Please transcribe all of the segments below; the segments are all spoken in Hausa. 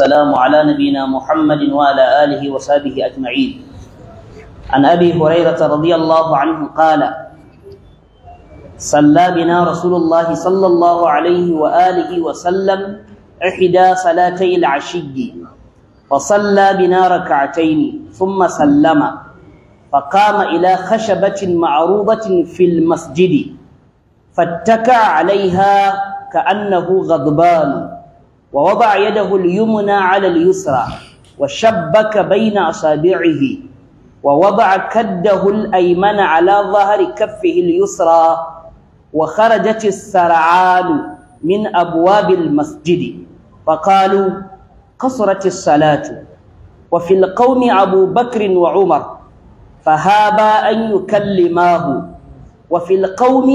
والسلام على نبينا محمد وعلى آله وصحبه أجمعين عن أبي هريرة رضي الله عنه قال صلى بنا رسول الله صلى الله عليه وآله وسلم إحدى صلاتي العشي فصلى بنا ركعتين ثم سلم فقام إلى خشبة معروضة في المسجد فاتكى عليها كأنه غضبان ووضع يده اليمنى على اليسرى وشبك بين أصابعه ووضع كده الأيمن على ظهر كفه اليسرى وخرجت السرعان من أبواب المسجد فقالوا قصرت الصلاة وفي القوم أبو بكر وعمر فهابا أن يكلماه وفي القوم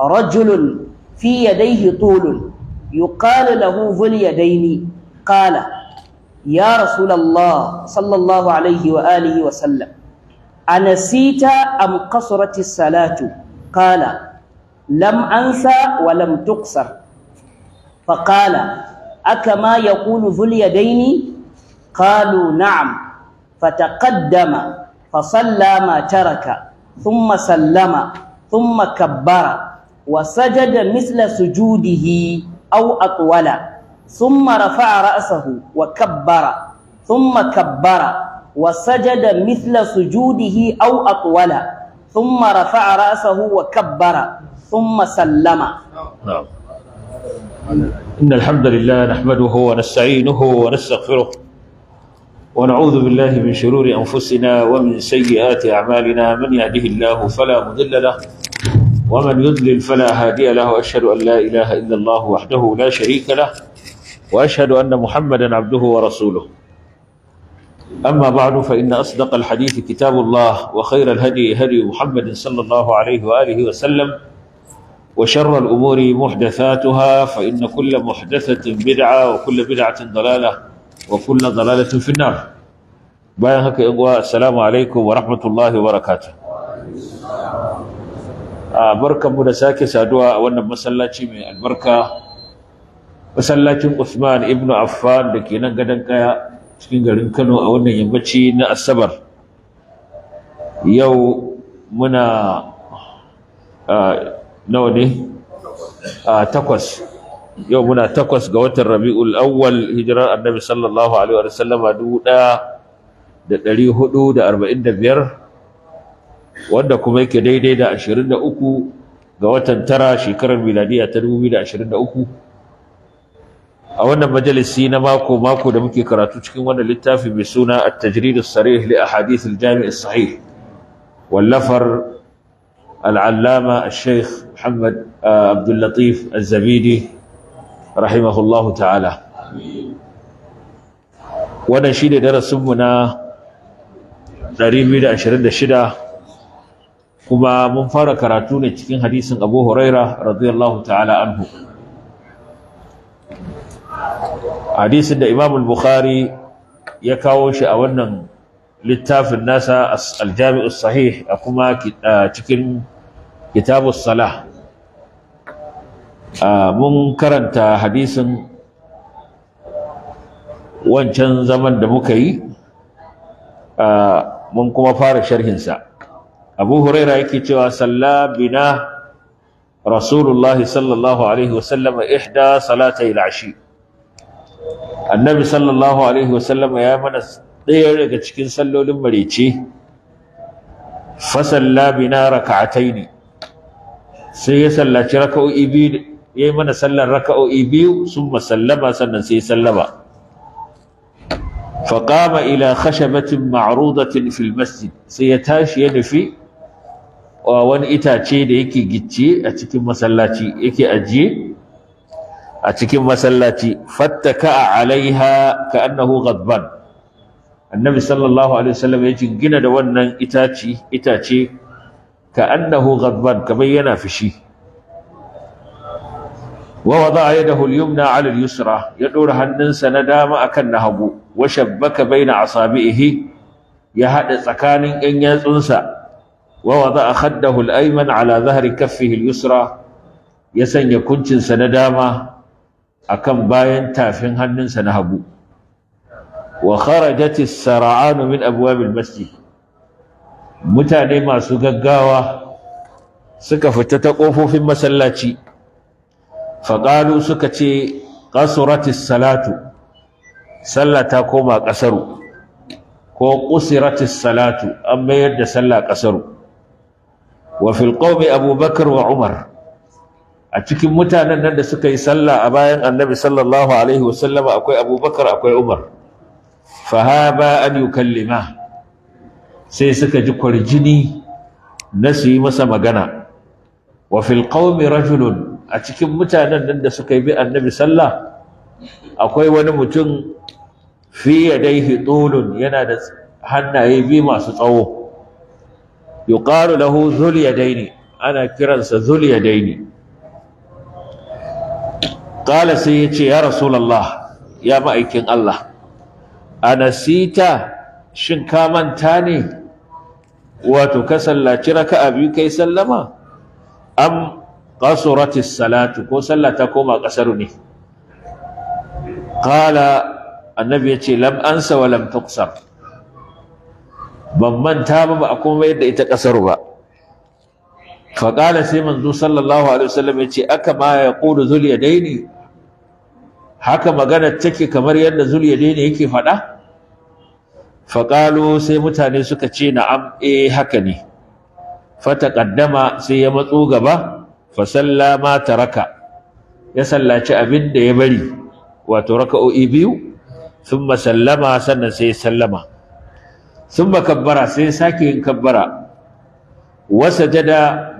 رجل في يديه طول yuqalu lahu dhul yadaini ya rasulullah sallallahu alaihi wa alihi wa sallam anasita am qasurati salatu qala lam ansa wa lam tuqsar faqala akama yaqulu dhul yadaini qalu na'am فتقدم فصلى ما ترك ثم سلم ثم كبر وسجد مثل سجوده أو أطول ثم رفع رأسه وكبر ثم كبر وسجد مثل سجوده أو أطول ثم رفع رأسه وكبر ثم سلم نعم إن الحمد لله نحمده ونستعينه ونستغفره ونعوذ بالله من شرور أنفسنا ومن سيئات أعمالنا من يهده الله فلا مضل له ومن يضلل فلا هادي له واشهد أن لا إله إلا الله وحده لا شريك له وأشهد أن محمدا عبده ورسوله أما بعد فإن أصدق الحديث كتاب الله وخير الهدي هدي محمد صلى الله عليه وآله وسلم وشر الأمور محدثاتها فإن كل محدثة بدعة وكل بدعة ضلالة وكل ضلالة في النار بايعك السلام عليكم ورحمة الله وبركاته barkanmu da sake saduwa a wannan masallaci mai albarka masallacin Usman Ibnu Affan da ke nan gadon kaya cikin garin Kano a wannan yammaci na Asabar yau muna nawa ne takwas yau muna takwas ga watan Rabi'ul Awwal hijirar Annabi sallallahu alaihi wa sallama dubu da ɗari da biyar wanda kuma yake daidai da 23 ga watan tara shekarar miladiya ta 2023 a wannan majalisi na mako mako da muke karatu cikin wannan littafi mai suna at-tajrid as-sarih li ahadith al-jami' as-sahih wallafar al-allama al-sheikh Muhammad uh, Abdul Latif Az-Zabidi rahimahullahu ta'ala wannan shine darasin mu na 226 kuma mun fara karatu ne cikin hadisin Abu Huraira radiyallahu ta'ala anhu hadisin da Imam al-Bukhari ya kawo shi a wannan littafin nasa aljami'u jami sahih a kuma cikin kitabu salah mun karanta hadisin wancan zaman da muka yi mun kuma fara sharhinsa abu huraira yake cewa salla bina rasulullah sallallahu alaihi wasallam ihda salatai al-ashi annabi sallallahu alaihi wasallam ya mana ɗaya daga cikin sallolin marece fa salla bina rak'ataini sai ya sallaci raka'o'i biyu ya yi mana sallar raka'o'i biyu sun masallama sannan sai sallama faƙama ila khashabatin ma'rudatin fil masjid sai ya tashi ya nufi wani itace da yake gicce a cikin masallaci yake ajiye a cikin masallaci fattaka alaiha ka annahu ghadban annabi sallallahu alaihi wasallam ya jingina da wannan itace itace ka annahu ghadban kamar yana fishi wa wada'a yadahu al-yumna 'ala al-yusra ya dora hannunsa na dama akan na hagu wa shabbaka baina asabihi ya hada tsakanin yan yatsunsa ووضع خده الأيمن على ظهر كفه اليسرى يسن يكنشن سنداما أكم باين تافين هنن سنهبو وخرجت السرعان من أبواب المسجد متاني ما سقاقاوة سكفت تقوفوا في المسلاتي فقالوا سكتي قصرت الصلاة صلى تقوم قصروا ko ƙusiratis salatu an mayar da sallah ƙasaru wa fil abubakar wa umar a cikin mutanen nan da suka yi sallah a bayan annabi sallallahu alaihi wasallama akwai abubakar akwai umar fahaba an yukallima sai suka ji kwarjini na su yi masa magana wa fil rajulun a cikin mutanen nan da suka yi bi annabi sallah akwai wani mutum fi dai tulun yana da hannaye bi masu tsawo yuqalu lahu dhul yadaini ana kiransa dhul yadaini qala sai yace ya rasulullah ya ma'aikin Allah anasita shin ka manta ne wato ka sallaci raka'a biyu kai sallama am qasuratis salatu ko sallata koma kasaru ne qala annabi yace lam ansa wa lam tuqsar ban manta ba ba a kuma yadda da ita ƙasar ba faƙala sai manzo sallallahu alaihi wasallam ya ce aka ma ya ƙudu zuliya daini haka magana take kamar yadda zuliya daini yake faɗa faƙalo sai mutane suka ce na'am eh haka ne ƙaddama sai ya matso gaba fa sallama taraka ya sallaci abin da ya bari wato raka'o'i biyu Sun masallama sannan sai sallama Sun ثم كبر سيساكي كبر وسجد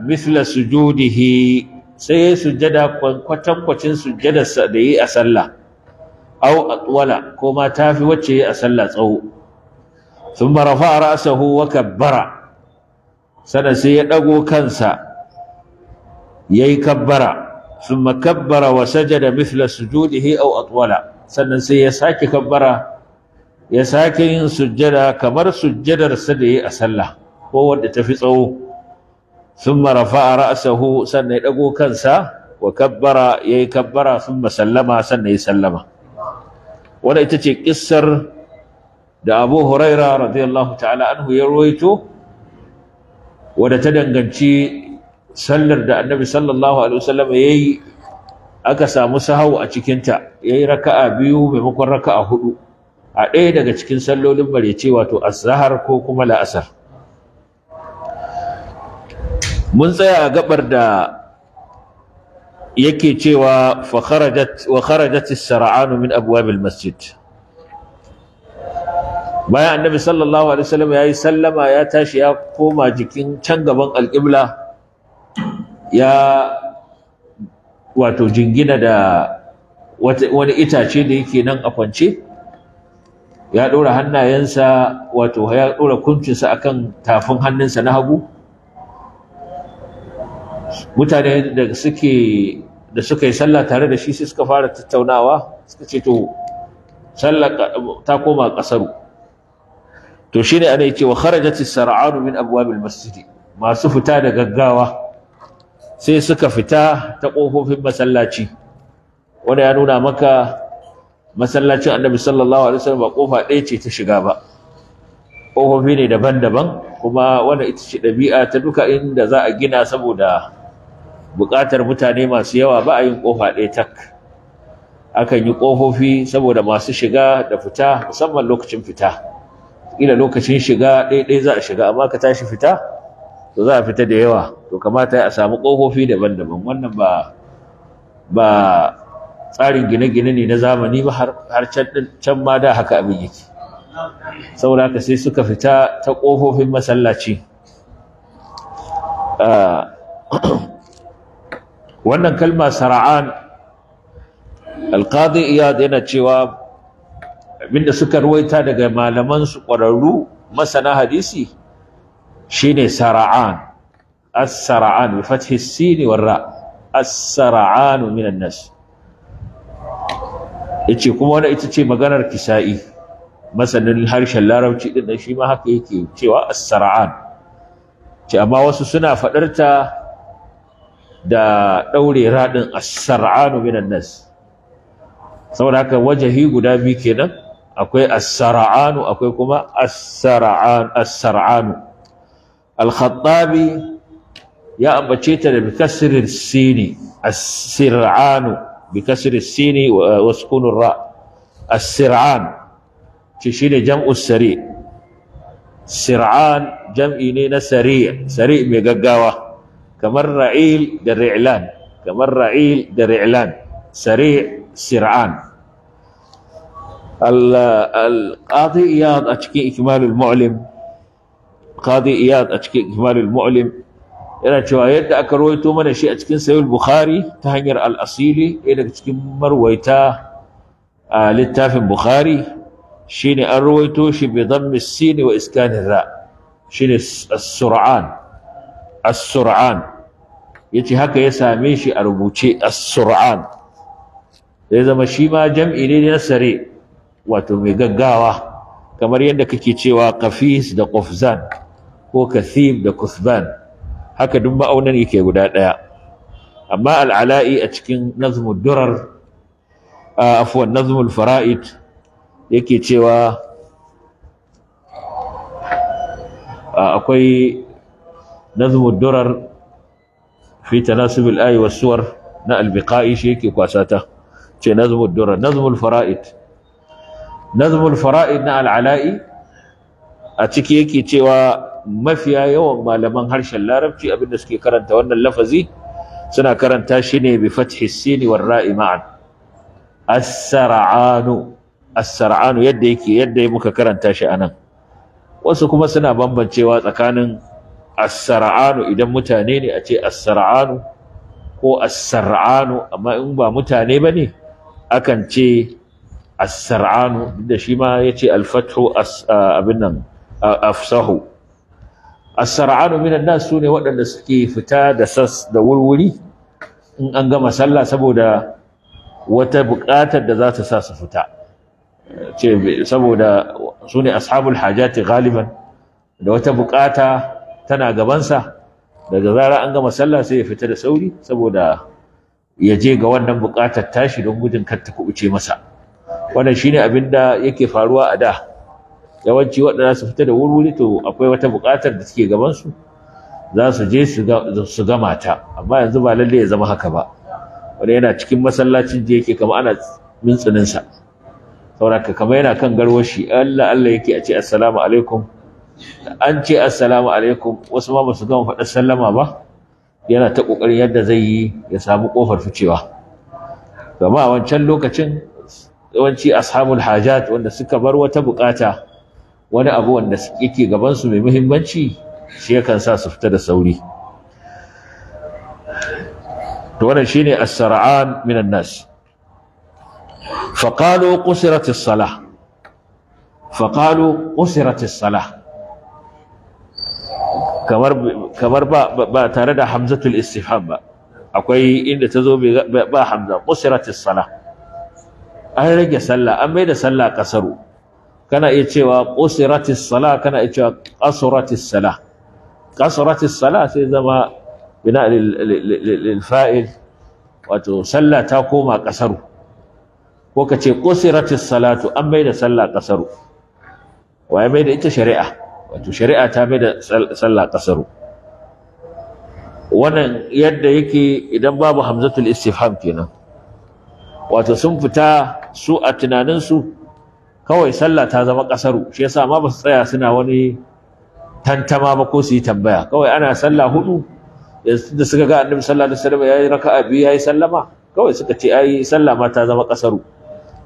مثل سجوده sai ya sujjada kwatankwacin kwacin sujjadarsa da yi a sallah au a atwala ko ma ta fi wacce yi a sallah tsawo sun a ra'sahu wa kabbara sana sai ya dago kansa ya yi kabbara sun makabbara wa sajada mithla sujudihi au a atwala sannan sai ya sake kabbara ya sake yin sujjada kamar sujjadarsa da ya a sallah ko ta fi tsawo marafa a ra'asahu, sannan ya dago kansa wa kabbara yayi kabbara thumma sallama sannan ya sallama wannan ita ce ƙissar da Abu Huraira radiyallahu ta'ala anhu ya ruwaito wadda ta danganci sallar da Annabi sallallahu alaihi wasallam yayi aka samu sahau a cikinta yayi raka'a biyu maimakon raka'a hudu a ɗaya daga cikin sallolin ce wato azhar ko kuma la'asar mun tsaya a gabar da yake cewa wa kharajat sara'anu min masjid bayan annabi sallallahu alaihi wasallam yayi sallama ya tashi ya koma jikin can gaban alqibla ya wato jingina da wani itace da yake nan a kwance ya ɗora hannayensa wato ya ɗora kuncinsa akan tafin hannunsa na hagu mutane da suka yi sallah tare da shi suka fara tattaunawa suka ce to sallah ta koma ƙasaru to shine ana yace wa kharajat as min abwabil masjid masu fita da gaggawa sai suka fita ta kofofin masallaci wanda ya nuna maka masallacin annabi sallallahu alaihi wasallam ba kofa ɗaya ce ta shiga ba kofofi ne daban-daban kuma wannan ita ce ɗabi'a ta duka inda za a gina saboda buƙatar mutane masu yawa ba a yin kofa ɗaya tak akan yi kofofi saboda masu shiga da fita musamman lokacin fita kila lokacin shiga ɗaya za a shiga amma ka tashi fita to za a fita da yawa to kamata a samu kofofi daban-daban wannan ba ba tsarin gine-gine ne na zamani ba har can ma da haka abin yake saboda haka sai suka fita ta ƙofofin masallaci ah, wannan kalma sara'an alƙadi iyad yana cewa abinda suka ruwaita daga malaman su ƙwararru masana hadisi shine sara'an as-sara'an bi fathi sin war ra as-sara'an min an-nas yace kuma wannan ita ce maganar kisa'i masanin harshen larabci din da shi ma haka yake cewa as-sar'an ce amma wasu suna fadar da daure radin as-sar'anu minan nas saboda haka wajahi guda biyu kenan akwai as-sar'anu akwai kuma as-sar'an as-sar'anu al-khattabi ya ambace ta da bikasirin sini as-sir'anu بكسر السين وسكون الراء السرعان تشيل جمع السريع سرعان جمع إنين سريع سريع ميقاقاوة كمر رعيل در إعلان كمر رعيل در إعلان سريع سرعان القاضي إياد أشكي إكمال المعلم قاضي إياد أشكي إكمال المعلم yana cewa yadda aka rawaito mana shi a cikin sayul bukhari ta hanyar al'asili ɗaya daga cikin marwaita a littafin bukhari ne an rawaito shi bi dhammi sin wa iskanin ra shi ne suran as yace haka ya same shi a rubuce as-sur'an zai zama shi ma jam'i ne na sare wato mai gaggawa kamar yadda kake cewa kafis da kufzan ko kathib da kufzan. haka duk ma'aunin yake guda ɗaya amma al'ala'i a cikin nazmud durar a afwan nazmul fara'id yake cewa akwai nazmud durar fi tanasubil ayi was suwar na albiqa'i shi yake kwasata ce nazmul durar nazmul fara'id nazmul fara'id na al'ala'i a ciki yake cewa mafiya yawan malaman harshen larabci abinda suke karanta wannan lafazi suna karanta shi ne bi fathi sini war ra'i ma'an as-sar'anu as-sar'anu yadda yake yadda muka karanta shi anan wasu kuma suna bambancewa tsakanin as-sar'anu idan mutane ne a ce as-sar'anu ko as-sar'anu amma in ba mutane bane akan ce as-sar'anu da shi ma yace al-fathu afsahu as-sar'anu minan nas sune waɗanda suke fita da sas da wurwuri in an gama sallah saboda wata buƙatar da za ta sa su fita saboda sune ashabul hajati galiban da wata buƙata tana gabansa daga zara an gama sallah sai ya fita da sauri saboda ya je ga wannan buƙatar tashi don gudun kar ta kubuce masa wannan shine abin da yake faruwa a da yawanci waɗanda su fita da wuri to akwai wata buƙatar da suke gabansu za su je su gama ta amma yanzu ba lalle ya zama haka ba wani yana cikin masallacin da yake kama ana mintsininsa sauraka kama yana kan garwashi Allah Allah yake a ce assalamu alaikum an ce assalamu alaikum wasu ma ba su gama faɗar sallama ba yana ta ƙoƙarin yadda zai yi ya samu ƙofar ficewa gama a wancan lokacin yawanci ashabul hajat wanda suka bar wata buƙata wani abu wanda yake gabansu mai muhimmanci shi yakan sa su fita da sauri to wannan shine as-sar'an min an-nas fa qalu qusirat as-salah fa qalu qusirat as-salah kamar kamar ba ba tare da hamzatul istifham ba akwai inda tazo zo ba hamza qusirat as-salah an rage sallah an mai da sallah kasaru kana iya cewa qusiratis sala kana iya cewa qasuratis sala qasuratis sala sai zama bina lil wato sallah ta koma ƙasaru. ko ka ce qusiratis salatu an bai da sallah ƙasaru? waye mai da ita shari'a wato shari'a ta mai da sallah ƙasaru. wannan yadda yake idan babu hamzatul istifham kenan wato sun fita su a tunaninsu kawai sallah ta zama kasaru shi yasa ma ba su tsaya suna wani tantama ba ko su yi tambaya kawai ana sallah hudu da suka ga annabi sallallahu alaihi wasallam yayi raka'a biyu yayi sallama kawai suka ce ai sallah ma ta zama kasaru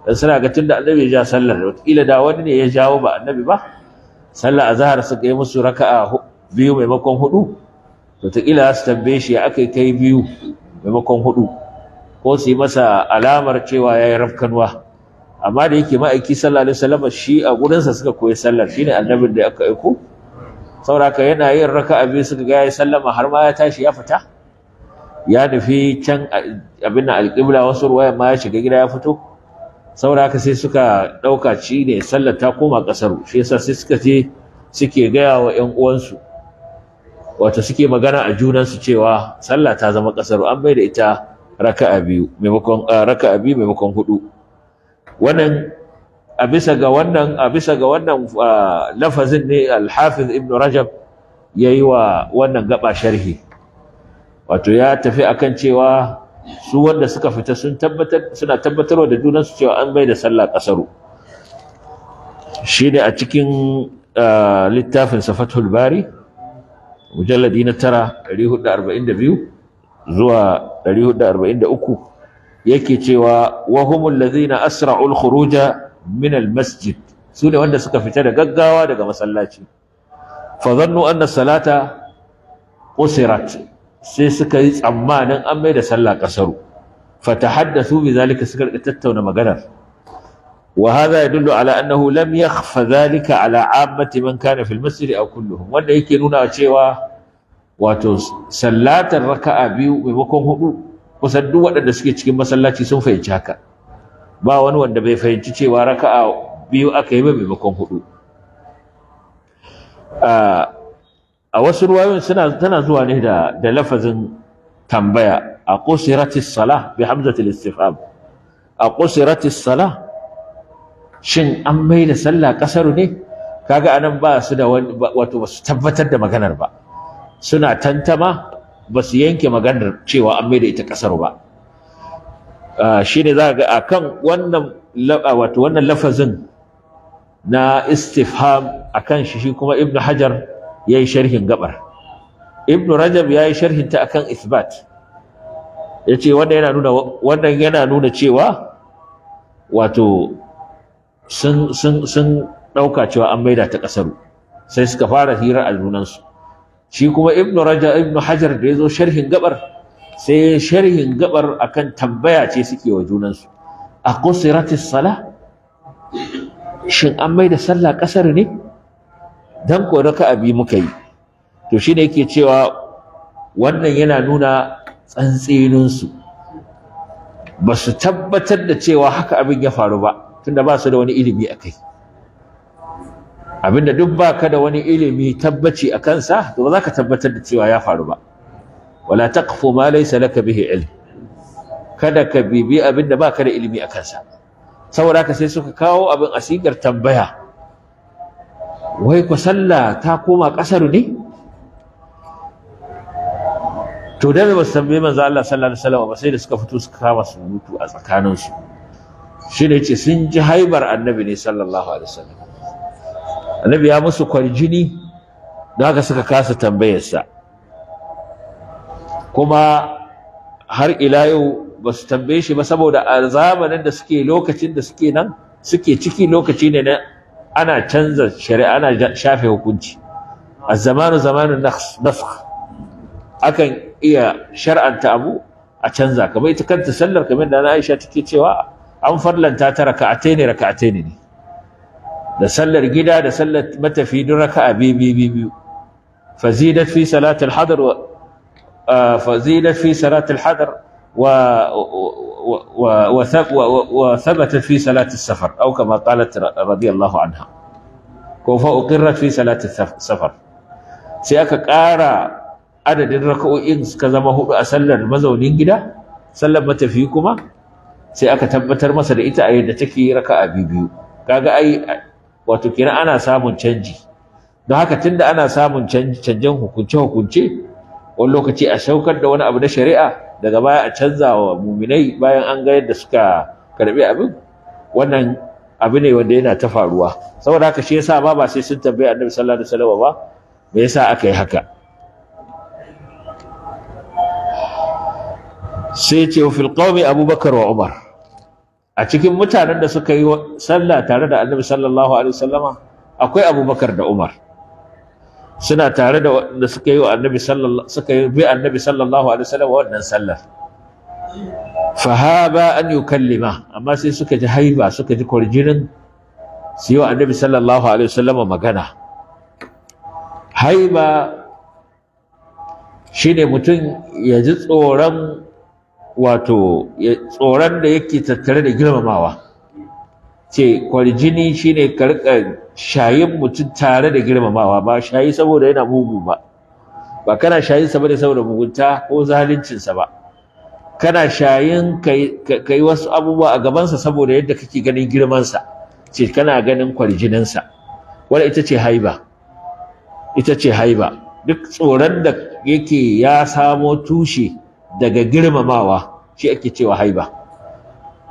dan suna ga tunda annabi ya ja sallar wataƙila da wani ne ya jawo ba annabi ba sallah azhar suka yi musu raka'a biyu maimakon hudu to kila su tambaye shi ya aka kai biyu maimakon hudu ko su yi masa alamar cewa yayi rafkanwa amma da yake ma'aiki sallallahu alaihi wasallam shi a gurinsa suka koyi sallar shine annabin da aka aiko sauraka yana yin raka'a biyu suka ga ya sallama har ma ya tashi ya fita ya nufi can abin alƙibla wasu ruwaya ma ya shiga gida ya fito sauraka sai suka ɗauka shi ne sallar ta koma ƙasar shi yasa sai suka je suke gaya wa ƴan uwansu wato suke magana a junansu cewa sallah ta zama ƙasar an bai da ita raka'a biyu maimakon raka'a biyu maimakon hudu wannan a bisa ga wannan a bisa ga wannan lafazin ne al-hafiz ibn rajab yayi wa wannan gaba sharhi wato ya tafi akan cewa su wanda suka fita sun tabbatar suna tabbatarwa da junansu cewa an bai da sallah kasaru shine a cikin littafin safatul bari mujalladi na 9 442 zuwa 443 yake cewa wa humul ladhina asra'ul khuruja min al masjid sune wanda suka fita da gaggawa daga masallaci fa zannu anna salata qusirat sai suka yi tsammanin an mai da sallah kasaru fa tahaddathu bi zalika suka tattauna maganar wa hadha yadullu ala annahu lam yakhfa zalika ala ammati man kana fil masjid aw kulluhum wanda yake nuna cewa wato sallatar raka'a biyu maimakon hudu kusan duk waɗanda suke cikin masallaci sun fahimci haka ba wani wanda bai fahimci cewa raka'a biyu aka yi ba maimakon hudu a wasu ruwayoyin suna tana zuwa ne da da lafazin tambaya a qusiratis salah bi hamzatil istifham a qusiratis salah shin an mai da sallah kasaru ne kaga anan ba su da wato ba su tabbatar da maganar ba suna tantama ba su yanke maganar cewa an mai da ita kasar ba shi ne za ga a wannan wannan lafazin na istifham akan shi shi kuma ibnu hajar ya yi sharhin gabar ibnu rajab ya yi sharhin ta akan isbat ya ce wannan yana nuna cewa wato sun ɗauka cewa an maida ta ƙasaru sai suka fara hira a junansu shi kuma ibnu raja ibnu hajar da ya zo sharhin gabar sai sharhin gabar akan tambaya ce suke wa junansu a kusiratis sala shin an mai da sallah kasar ne dan ko raka abi muka yi to ne yake cewa wannan yana nuna tsantseninsu. ba su tabbatar da cewa haka abin ya faru ba tunda ba su da wani ilimi a kai. abinda duk baka da wani ilimi tabbaci a kansa to ba za ka tabbatar da cewa ya faru ba wala taqfu ma laysa laka bihi ilm kada ka bibi abinda baka da ilimi a kansa saboda ka sai suka kawo abin asigar tambaya wai ku sallah ta koma kasaru ne to da ba su tambaye manzo Allah sallallahu alaihi wasallam ba sai da suka fito suka kama su mutu a tsakaninsu shi ne sun ji haibar annabi ne sallallahu alaihi wasallam annabi ya musu kwarjini da haka suka kasa tambayarsa kuma har ila yau ba su tambaye shi ba saboda a zamanin da suke lokacin da suke nan suke ciki lokaci ne na ana canza shari'a ana shafe hukunci a zamanu zamanin nafkh akan iya shar'anta abu a canza kamar ita kanta sallar kamar da na Aisha take cewa an farlanta ta raka'atai ne raka'atai ne da sallar gida da sallar matafi duk raka a biyu-biyu-biyu fazidat hadar wa fazidat fi salatul hadar safar au kama qalat radiyallahu anha ko fa uqirrat fi safar sai aka ƙara adadin raka'o'in suka zama hudu a sallar mazaunin gida sallar matafi kuma sai aka tabbatar masa da ita a yadda take raka'a biyu wato kina ana samun canji don haka tunda ana samun canjin hukunce hukunce wani lokaci a saukar da wani abu na shari'a daga baya a canza wa muminai bayan an ga yadda suka karbi abin wannan abu ne wanda yana ta faruwa saboda haka shi yasa ba ba sai sun tambaye annabi sallallahu alaihi wasallam ba me yasa aka yi haka sai ce wa fil abubakar wa umar a cikin mutanen da suka yi sallah tare da annabi sallallahu alaihi wasallama akwai abubakar da umar suna tare da wanda suka yi annabi sallallahu suka yi bi annabi sallallahu alaihi wasallam wannan sallar fahaba an yukallima amma sai suka ji haiba suka ji kwarjinin su yi wa annabi sallallahu alaihi wasallam magana haiba shine mutum ya ji tsoron wato tsoron da yake tattare da girmamawa ce kwarjini shine ka rika shayin mutum tare da girmamawa ba shayi saboda yana mugu ba ba kana shayin sa bane saboda mugunta ko zalincin ba kana shayin kai wasu abubuwa a gabansa saboda yadda kake ganin girmansa ce kana ganin kwarjininsa wanda ita ce haiba ita ce haiba duk tsoron da yake ya samo tushe daga girmamawa shi ake cewa haiba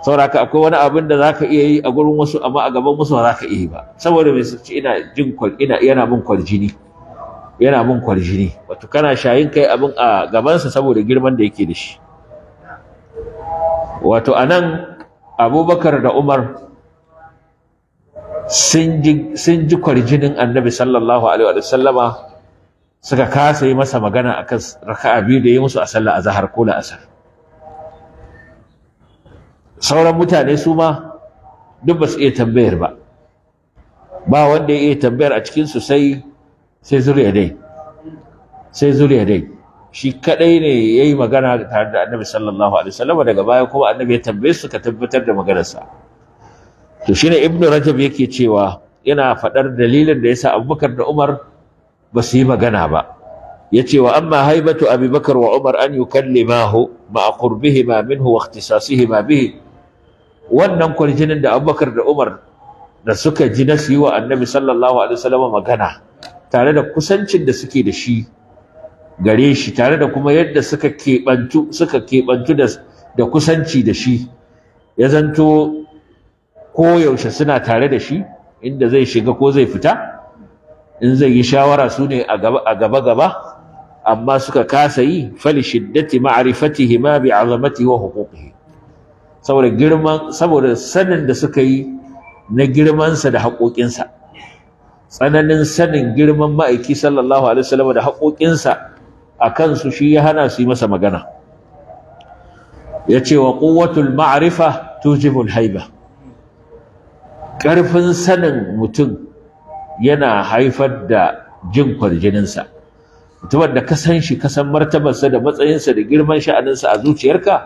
sauraka akwai wani abin da zaka iya yi a gurin wasu amma a gaban wasu ba ka iya yi ba saboda mai su ina jin ina yana min kwarjini yana wato kana shayin kai abin a gabansa saboda girman da yake da shi wato anan abubakar da umar sun ji kwarjinin annabi sallallahu alaihi wa sallama suka kasa yi masa magana akan raka'a biyu da ya musu a sallah zahar ko la'asar sauran mutane su ma duk ba su iya tambayar ba ba wanda ya iya tambayar a cikin su sai sai zuriya dai sai zuriya dai shi kadai ne yayi magana tare da annabi sallallahu alaihi wasallam daga baya kuma annabi ya tambaye su ka tabbatar da maganarsa to shine ibnu rajab yake cewa yana faɗar dalilin da yasa abubakar da umar ba su yi magana ba ya ce wa amma haibatu abubakar wa umar an yi maho, ma'a qurbihima minhu wa ikhtisasihima bihi wannan kwarjinin da abubakar da umar da suka ji na yi wa annabi sallallahu alaihi wasallam magana tare da kusancin da suke da shi gare shi tare da kuma yadda suka keɓantu suka keɓantu da da kusanci da shi ya zanto koyaushe suna tare da shi inda zai shiga ko zai fita in zai yi shawara su ne a gaba gaba amma suka kasa yi fal shiddati ma'arifati ma bi azamati wa huquqihi saboda girman saboda sanin da suka yi na girmansa da haƙoƙinsa tsananin sanin girman ma'aiki sallallahu alaihi wasallam da haƙoƙinsa a kansu shi ya hana su yi masa magana ya ce wa ƙuwatul ma'arifa tujibul haiba ƙarfin sanin mutum yana haifar da jin kwarjininsa mutumin da ka san shi ka san martabarsa da matsayinsa da girman sha'aninsa a zuciyarka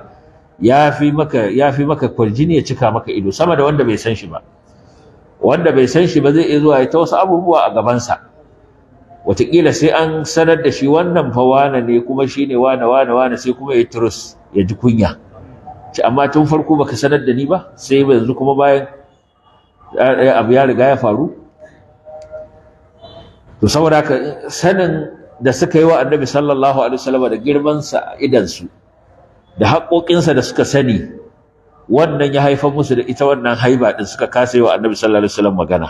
ya fi maka ya fi maka kwarjini ya cika maka ido sama da wanda bai san shi ba wanda bai san shi ba zai iya zuwa ya ta wasu abubuwa a gabansa wataƙila sai an sanar da shi wannan fa wane ne kuma shi ne wane wane wane sai kuma ya turus ya ji kunya ci amma tun farko baka sanar da ni ba sai yanzu kuma bayan abu ya riga ya faru to saboda haka sanin da suka yi wa annabi sallallahu alaihi wasallam da girmansa a idansu da haƙoƙinsa da suka sani wannan ya haifar musu da ita wannan haiba din suka kasa yi wa annabi sallallahu alaihi wasallam magana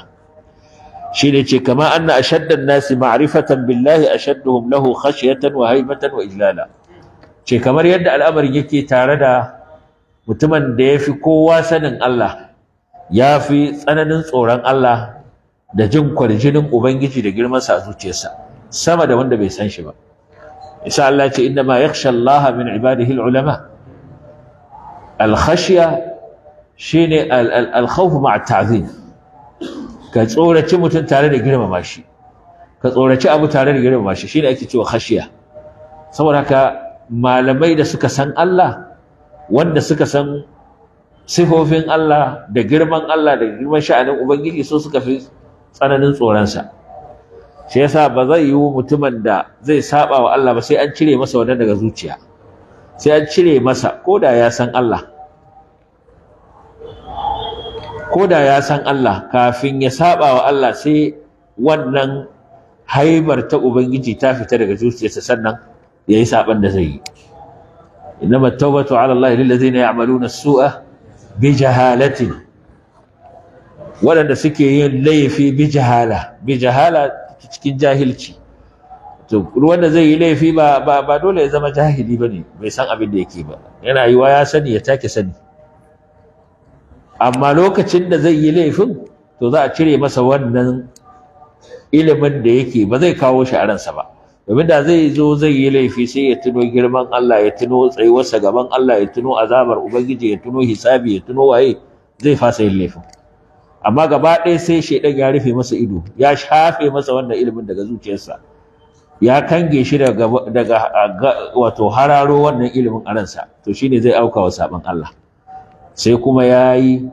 shi ne ce kama anna ashaddan nasi ma'rifatan billahi ashadduhum lahu khashyatan wa haibatan wa ijlala ce kamar yadda al'amarin yake tare da mutumin da ya fi kowa sanin Allah ya fi tsananin tsoron Allah da jin kwarjinin ubangiji da girmansa a zuciyarsa sama da wanda bai san shi ba isa Allah ce inna ma yakhsha Allah min ibadihi al-ulama al-khashya shine al-khawf ma'a ta'zim ka tsoraci mutum tare da girmama shi ka tsoraci abu tare da girmama shi shine ake cewa khashiya saboda haka malamai da suka san Allah wanda suka san sifofin Allah da girman Allah da girman sha'anin ubangiji so suka fi tsananin tsoronsa shi yasa ba zai yi mutumin da zai saba wa Allah ba sai an cire masa wannan daga zuciya sai an cire masa koda ya san Allah koda ya san Allah kafin ya saba wa Allah sai wannan haibar ta ubangiji ta fita daga zuciyarsa sannan yayi saban da zai yi inna tawbatu ala Allah lil ladzina ya'maluna as-su'a bi jahalatin waɗanda suke yin laifi bi jahala bi jahala cikin jahilci to wanda zai yi laifi ba ba dole ya zama jahili bane bai san abin da yake ba yana yiwa ya sani ya take sani amma lokacin da zai yi laifin to za a cire masa wannan ilimin da yake ba zai kawo shi a ransa ba domin da zai zo zai yi laifi sai ya tuno girman Allah ya tuno tsayuwarsa gaban Allah ya tuno azabar ubangiji ya tuno hisabi ya tuno waye zai fasa yin laifin amma gaba ɗaya sai shaidan ya rufe masa ido ya shafe masa wannan ilimin daga zuciyarsa ya kange shi daga daga wato hararo wannan ilimin a ransa to shine zai auka wa sabon Allah sai kuma yayi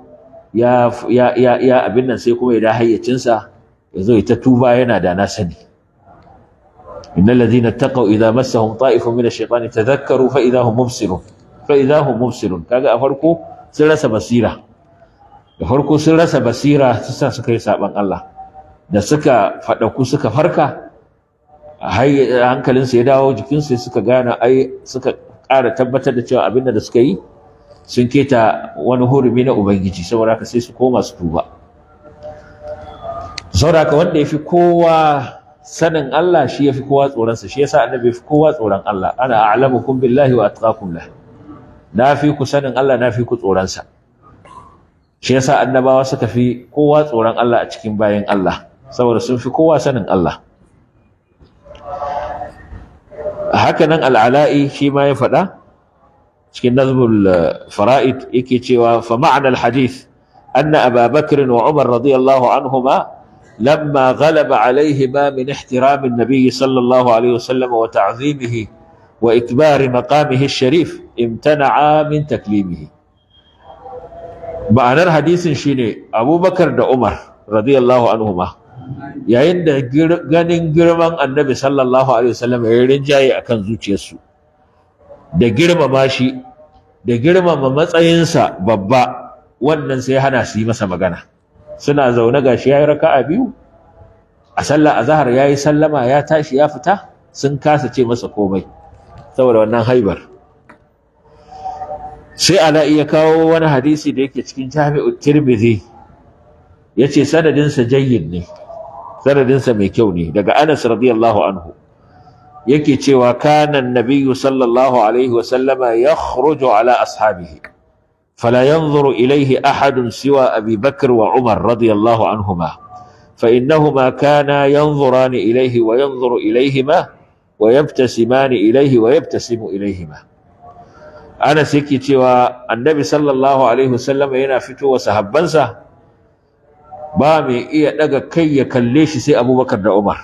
ya ya ya, ya abin nan sai kuma ya da hayyacinsa ya zo ya ta tuba yana da nasani sani innal ladina taqaw idza massahum ta'ifun min ash-shaytani tadhakkaru fa idza hum mubsirun fa idza mubsirun kaga a farko sun rasa basira da farko sun rasa basira sa suka yi saban Allah da suka faɗaku suka farka su ya dawo jikin su suka gane ai suka ƙara tabbatar da cewa abinda da suka yi sun keta wani hurumi na ubangiji saboda haka sai su koma su tuba saboda haka wanda ya fi kowa sanin Allah shi ya fi kowa tsoronsa shi yasa annabi ya fi kowa tsoron Allah ana a'lamukum billahi wa atqakum lah na fi ku sanin Allah na fi ku tsoronsa shi yasa annabawa suka fi kowa tsoron Allah a cikin bayan Allah saboda sun fi kowa sanin Allah haka nan al'ala'i shi ma ya faɗa cikin nazmul eh, fara'id yake cewa fa ma'ana alhadith anna ababakr wa umar radiyallahu anhuma lamma ghalaba alayhima min ihtiram an-nabiy sallallahu alayhi wa sallam wa ta'zimihi wa itbar maqamihi ash-sharif imtana'a min taklimihi ma'anar hadisin shine abubakar da umar radiyallahu anhuma yayin da ganin girman annabi sallallahu alaihi wasallam ya rinjaye akan zuciyarsu da girmama shi da girmama matsayinsa babba wannan sai hana su yi masa magana suna zaune gashi raka raka'a biyu a sallah azhar yi sallama ya tashi ya fita sun kasa ce masa komai saboda wannan haibar sai ana iya kawo wani hadisi da yake cikin jami'u tirmidhi ya ce sanadinsa jayyin ne sanadinsa mai kyau ne daga anas radiyallahu anhu yake cewa kanan nabiyyu sallallahu alaihi wasallama ya ala ashabihi fala yanzuru ilaihi ahadun siwa abi bakr wa umar radiyallahu anhuma فإنهما كانا ينظران إليه وينظر إليهما ويبتسمان إليه ويبتسم إليهما Anas yake cewa annabi sallallahu alaihi wasallam yana fitowa sahabbansa ba mai iya daga kai ya kalle shi sai Abubakar da Umar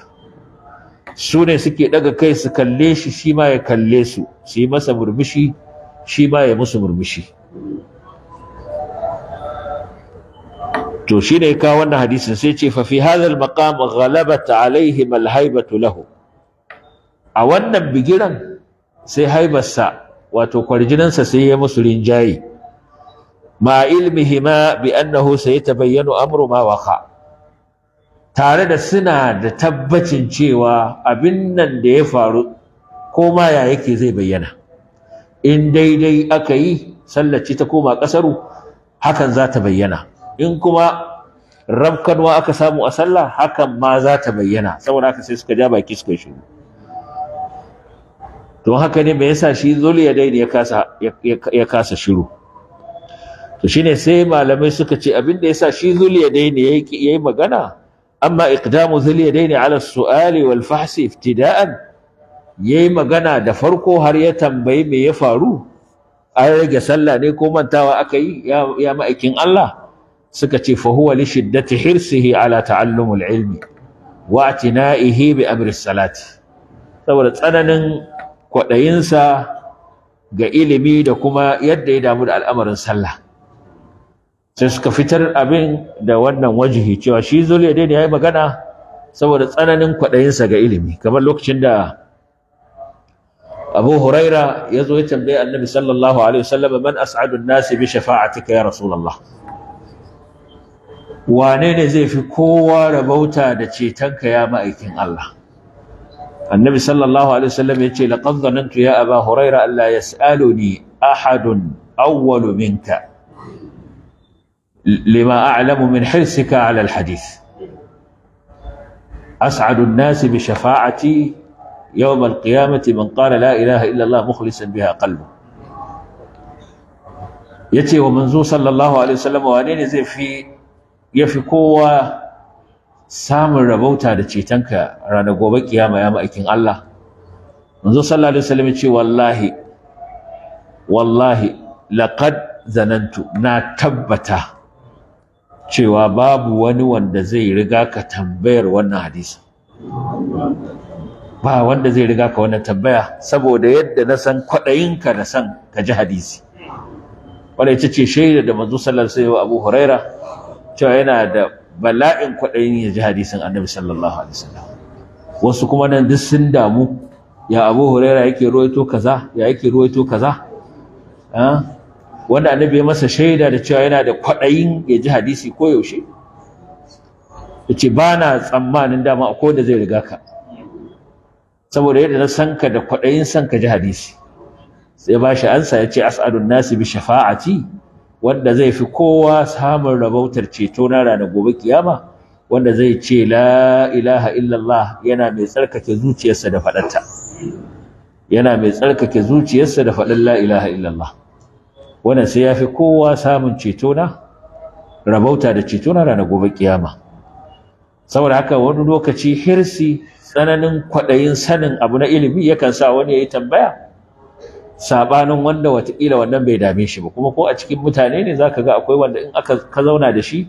su ne suke daga kai su kalle shi shi ma ya kalle su su yi masa murmushi shi ma ya musu murmushi to shi ne kawo wannan hadisin sai ce fa fi hadha al-maqam ghalabat alaihim lahu a wannan bigiran sai haibarsa wato kwarjinansa sai ya musu rinjaye ma ma bi annahu sayatabayyanu amru ma waqa tare da suna da tabbacin cewa abin nan da ya faru ko ma ya yake zai bayyana in daidai aka yi sallaci ta koma kasaru hakan za ta bayyana in kuma rabkanwa aka samu a sallah hakan ma za ta bayyana saboda haka sai suka ja baki suka shiru don haka ne me yasa shi zuli ya kasa ya kasa shiru to shine sai malamai suka ce abin da yasa shi zuliyadaini yayi magana amma iqdamu zuliyadaini ala su'ali wal fahsi ibtida'an yayi magana da farko har ya tambayi me ya faru an rage sallah ne ko mantawa aka yi ya ma'aikin Allah suka ce fa huwa li shiddati hirsihi ala ta'allumul ilmi wa atina'ihi bi amri salati saboda tsananin kwaɗayinsa ga ilimi da kuma yadda ya damu da al'amarin sallah sai suka fitar abin da wannan wajihi cewa shi zuliya daidai ya yi magana saboda tsananin kwaɗayinsa ga ilimi kamar lokacin da abu huraira ya zo ya tambaye annabi sallallahu alaihi wasallam man as'adu an-nasi bi shafa'atika ya rasulullah wane ne zai fi kowa rabauta da cetonka ya ma'aikin Allah annabi sallallahu alaihi wasallam yace laqad zanantu ya aba huraira alla yasaluni ahadun awwalu minka lima a'lamu min hirsika ala alhadith as'adu an-nas bi shafa'ati yawm al-qiyamati man qala la ilaha illa allah mukhlishan biha qalbuhu ya wa manzo sallallahu alaihi wasallam wane ne zai fi yafi fi kowa samun rabauta da cetonka ranar gobe kiyama ya ma'aikin Allah manzo sallallahu alaihi wasallam ce wallahi wallahi laƙad zanantu na tabbata cewa babu wani wanda zai riga ka tambayar wannan hadisa. ba wanda zai riga ka wannan tambaya saboda yadda na san kwaɗayinka na san ka ji hadisi wanda ya ce shaida da manzo sallallahu alaihi wasallam Abu Huraira cewa yana da bala'in kwaɗayin ya ji hadisin annabi sallallahu alaihi wasallam wasu kuma nan duk sun damu ya abu huraira yake ruwaito kaza ya yake ruwaito kaza wanda annabi ya masa shaida da cewa yana da kwaɗayin ya ji hadisi ko yaushe yace ba na tsammanin dama ko da zai riga ka saboda yadda na sanka da kwaɗayin san ka ji hadisi sai ba shi ansa ya ce as'adun nasi bi shafa'ati wanda zai fi kowa samun rabautar ceto na ranar gobe kiyama wanda zai ce la ilaha illallah yana mai tsarkake zuciyarsa da faɗarta yana mai tsarkake zuciyarsa da faɗin la ilaha illallah wannan sai ya fi kowa samun ceto na rabauta da ceto na ranar gobe kiyama saboda haka wani lokaci hirsi tsananin kwaɗayin sanin abu na ilimi yakan sa wani ya yi tambaya sabanin wanda watakila wannan bai dame shi ba kuma ko a cikin mutane ne zaka ga akwai wanda in aka ka zauna da shi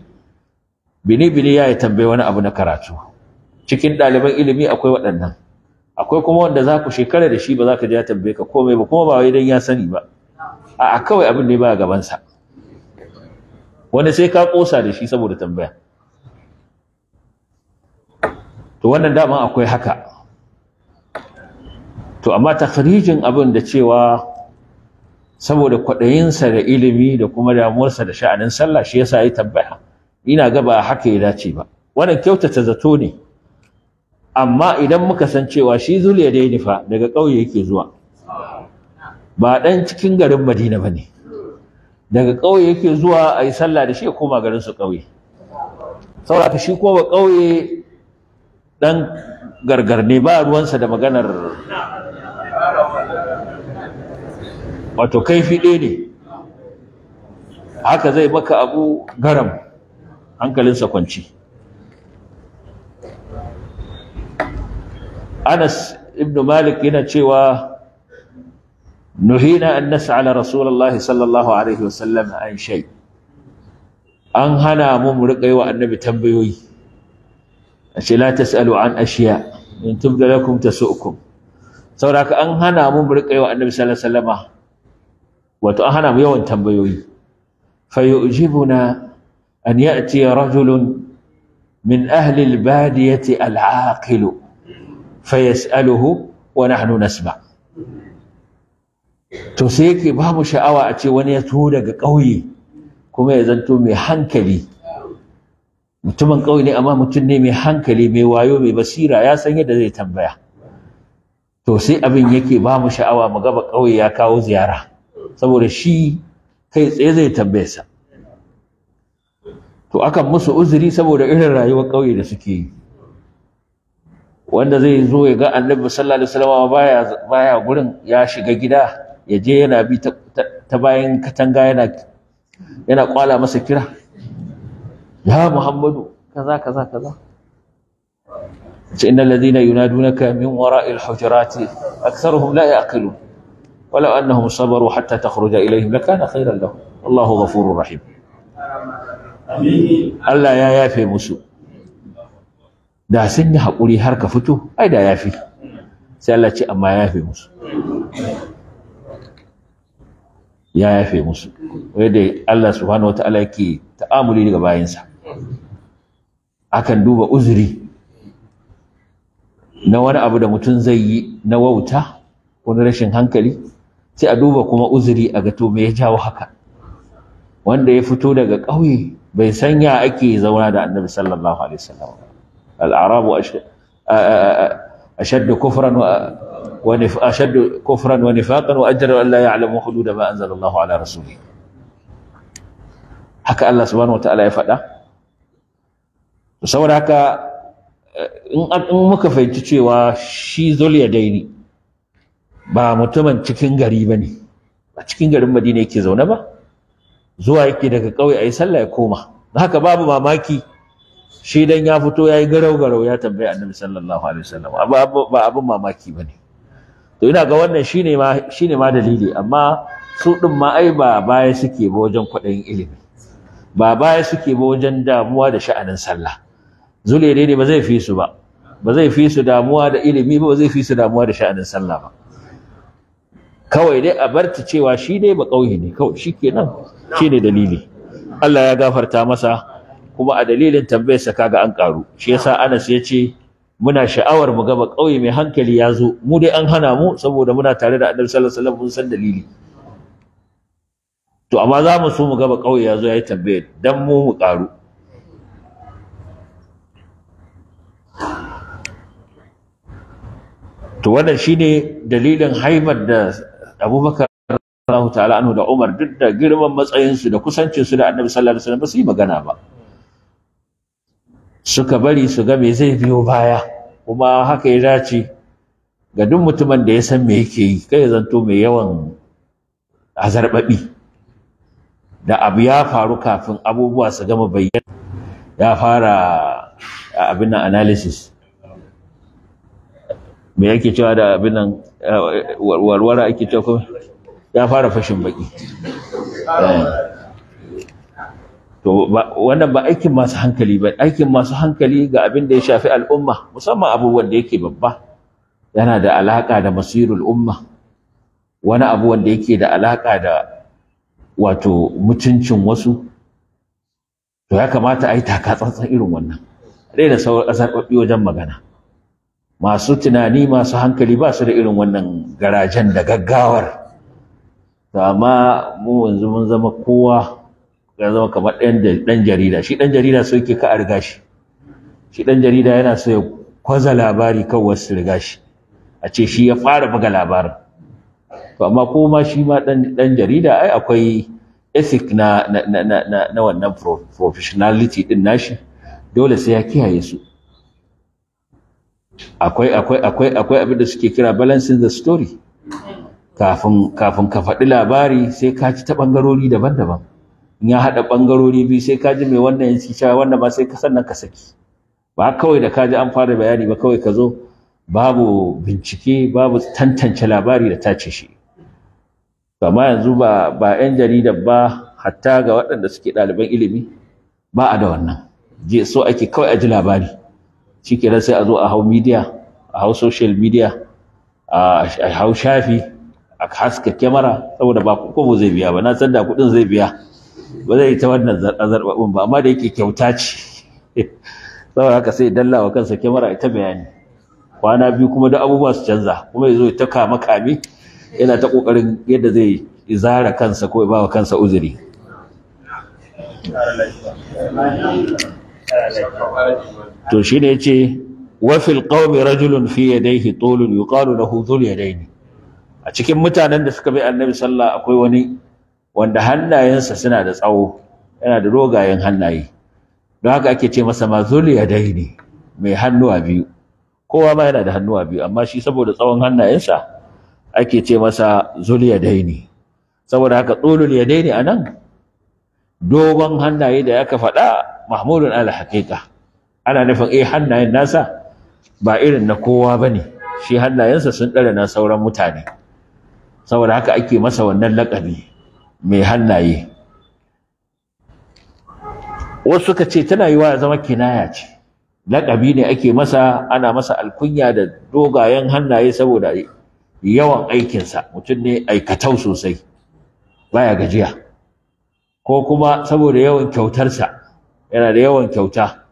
bini bini ya yi tambayi wani abu na karatu cikin ɗaliban ilimi akwai waɗannan akwai kuma wanda za ku shekara da shi ba za ka je ya tambaye ka komai ba kuma ba wai dan ya sani ba a'a kawai abin ne ba gabansa wani sai ka kosa da shi saboda tambaya to wannan dama akwai haka to amma takharijin abin da cewa saboda kwaɗayinsa da ilimi da kuma damuwarsa da sha'anin sallah shi yasa ya tabbaya. ina ga ba haka ya dace ba wannan kyautata zato ne amma idan muka san cewa shi zuliya da fa daga ƙauye yake zuwa ba ɗan cikin garin madina ba ne daga ƙauye yake zuwa a yi sallah da shi ya koma garin su ƙauye saboda shi kuma ƙauye ɗan gargar ne ba ruwansa da maganar wato kai ɗaya ne haka zai maka abu garam hankalinsa kwanci anas ibn malik yana cewa nuhina an nas'ala Rasulallah sallallahu alaihi wasallam an shai, an hana mun mu wa annabi tambayoyi ashe la tas'alu an ashiya in tubda lakum tasu'ukum saboda an hana mun mu wa annabi sallallahu alaihi wasallama wato an hana mu yawan tambayoyi fayujibuna an ya'ti rajulun min ahli albadiyati alaqilu fayas'aluhu wa nahnu nasma to sai yake ba mu sha'awa a ce wani ya to daga ƙauye kuma ya zanto mai hankali mutumin ƙauye ne amma mutum ne mai hankali mai wayo mai basira ya san yadda zai tambaya to sai abin yake ba mu sha'awa mu gaba ƙauye ya kawo ziyara saboda shi kai tsaye zai tambaye sa to akan musu uzuri saboda irin rayuwar ƙauye da suke yi wanda zai zo ya ga annabi sallallahu alaihi wasallam baya baya gurin ya shiga gida ya je yana bi ta, bayan katanga yana yana kwala masa kira ya muhammadu kaza kaza kaza ce innal ladina yunadunaka min wara'il hujurati aktharuhum la yaqilun ولو أنهم صبروا حتى تخرج إليهم لكان خيرا لهم والله غفور رحيم Allah ya yafe musu da sun yi haƙuri har ka fito ai da yafi sai Allah ce amma ya yafe musu ya yafe musu wadda Allah subhanahu yake ta'amuli daga bayansa akan duba uzuri na wani abu da mutum zai yi na wauta wani rashin hankali sai a duba kuma uzuri a ga me ya jawo haka wanda ya fito daga ƙauye bai san ya ake zauna da annabi sallallahu alaihi wasallam al-arabu ashaddu kufran wa ashaddu kufran wa nifaqan wa ajra an la ya'lamu hudud ma anzala ala rasulih haka Allah subhanahu wataala ya faɗa saboda haka eh, in muka fahimci cewa shi zul yadaini ba mutumin cikin gari ba ne a cikin garin madina yake zaune ba zuwa yake daga kauye a sallah ya koma haka babu mamaki shi dan ya fito ya yi garau garau ya tambayi annabi sallallahu alaihi wasallam ba abin mamaki ba ne to ina ga wannan shine ma shine ma dalili amma su din ma ai ba baya suke ba wajen kwaɗayin ilimi ba baya suke ba wajen damuwa da sha'anin sallah dai ne ba zai fi su ba ba zai fi su damuwa da ilimi ba ba zai fi su damuwa da sha'anin sallah ba kawai dai a barta cewa shi dai ba ne kawai shi kenan shi ne dalili Allah ya gafarta masa kuma a dalilin tambayarsa kaga an karu shi yasa Anas ya ce muna sha'awar mu ga ba kauye mai hankali ya zo mu dai an hana mu saboda muna tare da Annabi sallallahu alaihi wasallam mun san dalili to amma za mu so mu ga ba kauye ya zo ya yi tambayar dan mu mu karu to wannan shine dalilin haimar da abubakar Allah ta'ala anhu da Umar duk da girman matsayinsu da kusancinsu da Annabi sallallahu alaihi wasallam ba su yi magana ba suka bari su ga me zai biyo baya kuma haka ya dace ga duk mutumin da ya san me yake yi kai zanto mai yawan azarbabi da abu ya faru kafin abubuwa su gama bayyana ya fara abin analysis me yake cewa da abin nan eh, warwara ake cewa kuma ya fara fashin baki eh. wannan ba aikin masu hankali ba aikin masu hankali ga abin da ya shafi al'umma musamman abubuwan da yake babba yana da alaƙa da masirul umma wani abu wanda yake da alaƙa da wato mutuncin wasu to ya kamata a yi takatsantsan irin wannan dai da sauran ƙasar wajen magana masu tunani masu hankali ba su da irin wannan garajen da gaggawar amma mu yanzu mun zama kowa ya zama kamar ɗan jarida shi ɗan jarida so yake ka a riga shi shi ɗan jarida yana so ya kwaza labari kan wasu riga shi a ce shi ya fara buga labarin to amma ko ma shi ma ɗan jarida ai akwai ethic na na na na, wannan professionality din nashi dole sai ya kiyaye su akwai akwai akwai akwai abin da suke kira balancing the story kafin kafin ka faɗi labari sai ka ci ta ɓangarori daban-daban in ya haɗa ɓangarori biyu sai ka ji mai wannan yanci cewa wannan ma sai ka sannan ka saki ba kawai da ka ji an fara bayani ba kawai ka zo babu bincike babu tantance labari da tace shi amma yanzu ba ba 'yan jaridar ba hatta ga waɗanda suke ɗaliban ilimi ba a da wannan je so ake kawai a ji labari shikenan sai a zo a hau media a hau social media a hau shafi a haska kyamara saboda ba kobo zai biya ba na san da kuɗin zai biya ba zai ta wannan zarɓaɓɓun ba amma da yake kyauta ce saboda haka sai dalla wa kansa kyamara ita bayani kwana biyu kuma da abubuwa su canza kuma ya zo ta kama kame yana ta kokarin yadda zai zara kansa ko ya ba wa kansa uzuri to shi ne yace wa fil rajulun fi yadayhi tulun yuqalu lahu dhul yadayn a cikin mutanen da suka bi annabi sallah akwai wani wanda hannayensa suna da tsawo yana da rogayen hannaye don haka ake ce masa ma dhul yadayn mai hannuwa biyu kowa ma yana da hannu a biyu amma shi saboda tsawon hannayensa ake ce masa zul yadaini saboda haka tsulul yadaini anan dogon hannaye da ka faɗa mahmudun ala haƙiƙa ana nufin eh hannayen nasa ba irin na kowa ba ne shi hannayensa sun ɗara na sauran mutane saboda haka ake masa wannan laƙabi mai hannaye wasu suka ce tana yiwa ya zama kinaya ce laƙabi ne ake masa ana masa alkunya da dogayen hannaye saboda yawan aikinsa mutum ne aikatau sosai baya gajiya ko kuma saboda yawan kyautarsa yana da yawan kyauta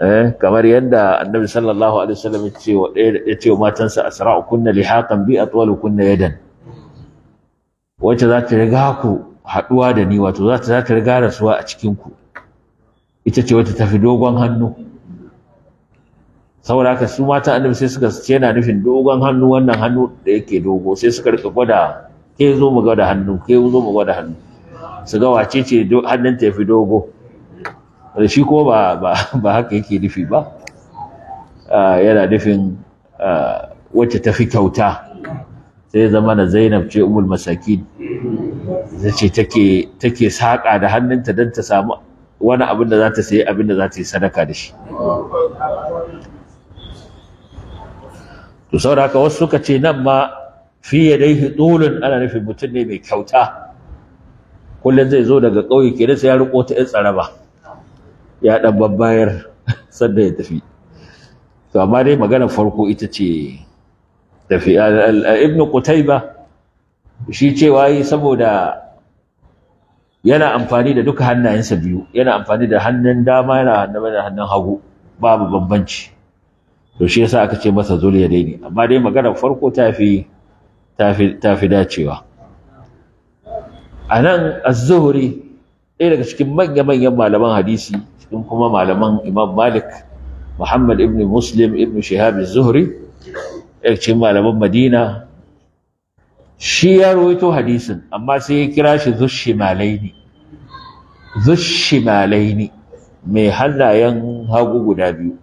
eh kamar yadda annabi sallallahu alaihi wasallam ya ce wa ya ce matansa asra'u kunna lihaqan bi atwalu kunna yadan wacce za ta riga ku haduwa da ni wato za ta za ta riga rasuwa a cikin ku ita ce wata tafi dogon hannu saboda haka su mata annabi sai suka ce yana nufin dogon hannu wannan hannu da yake dogo sai suka rika gwada ke zo mu gwada hannu ke zo mu gwada hannu su ga wace ce hannun ta fi dogo shi ko ba ba haka yake nufi ba yana nufin wacce ta fi kyauta sai zama na zainab ce umul masakin zace take take saƙa da hannunta don ta samu wani abin da za ta sayi abin da za ta yi sadaka da shi to saboda wasu suka ce nan ma fiye yi tulun ana nufin mutum ne mai kyauta kullum zai zo daga ƙauye ke sai ya riko ta 'yan tsaraba ya ɗan babbayar sanda ya tafi to amma dai magana farko ita ce tafi ibnu qutayba shi cewa wai saboda yana amfani da duka hannayensa biyu yana amfani da hannun dama yana da hannun hagu babu bambanci to shi yasa aka ce masa zuliya dai ne amma dai maganar farko tafi tafi tafi dacewa a nan az-zuhri ɗaya daga cikin manya-manyan malaman hadisi cikin kuma malaman imam malik muhammad ibn muslim ibn shihab az-zuhri ɗaya cikin malaman madina shi ya rawaito hadisin amma sai ya kira shi zushimalaini zushimalaini mai hannayen hagu guda biyu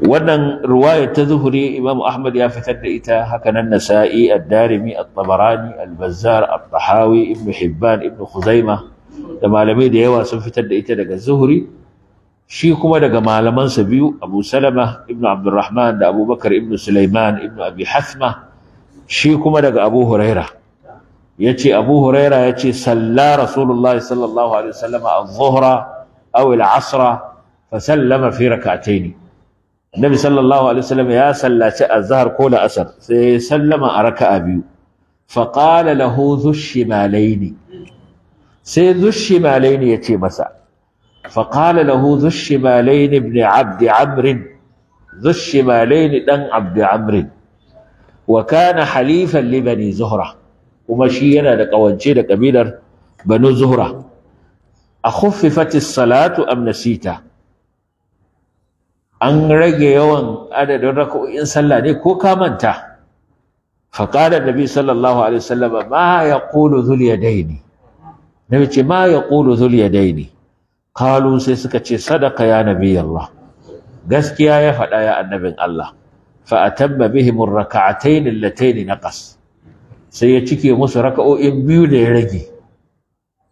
wannan ruwaya ta zuhuri imam ahmad ya fitar da ita hakanan nasa'i addarimi darimi at-tabarani al-bazzar at-tahawi ibn hibban ibn khuzaimah da malamai da yawa sun fitar da ita daga zuhuri shi kuma daga malamansa biyu abu salama ibn abdurrahman da abubakar ibn sulaiman ibn abi hasma shi kuma daga abu huraira yace abu huraira ya ce salla rasulullahi sallallahu alaihi wasallama az-zuhra aw al-asra fa sallama fi rak'ataini annabi sallallahu alaihi wasallam ya sallaci azhar ko la asar sai ya sallama a raka'a biyu fa qala lahu dhushimalaini sai dhushimalaini yace masa fa qala lahu dhushimalaini ibn abd amr dhushimalaini dan abd amr wa kana halifan li bani zuhra kuma shi yana da kawance da kabilar banu zuhra a khuffifat as-salatu am nasita an rage yawan adadin raka'o'in sallah ne ko ka manta fa qala nabi sallallahu alaihi wasallam ma yaqulu dhul yadaini nabi ce ma yaqulu dhul yadaini qalu sai suka ce sadaka ya nabi allah gaskiya ya faɗa ya annabin allah fa atamma bihim ar-rak'atayn allatayn naqas sai ya cike musu raka'o'in biyu da ya rage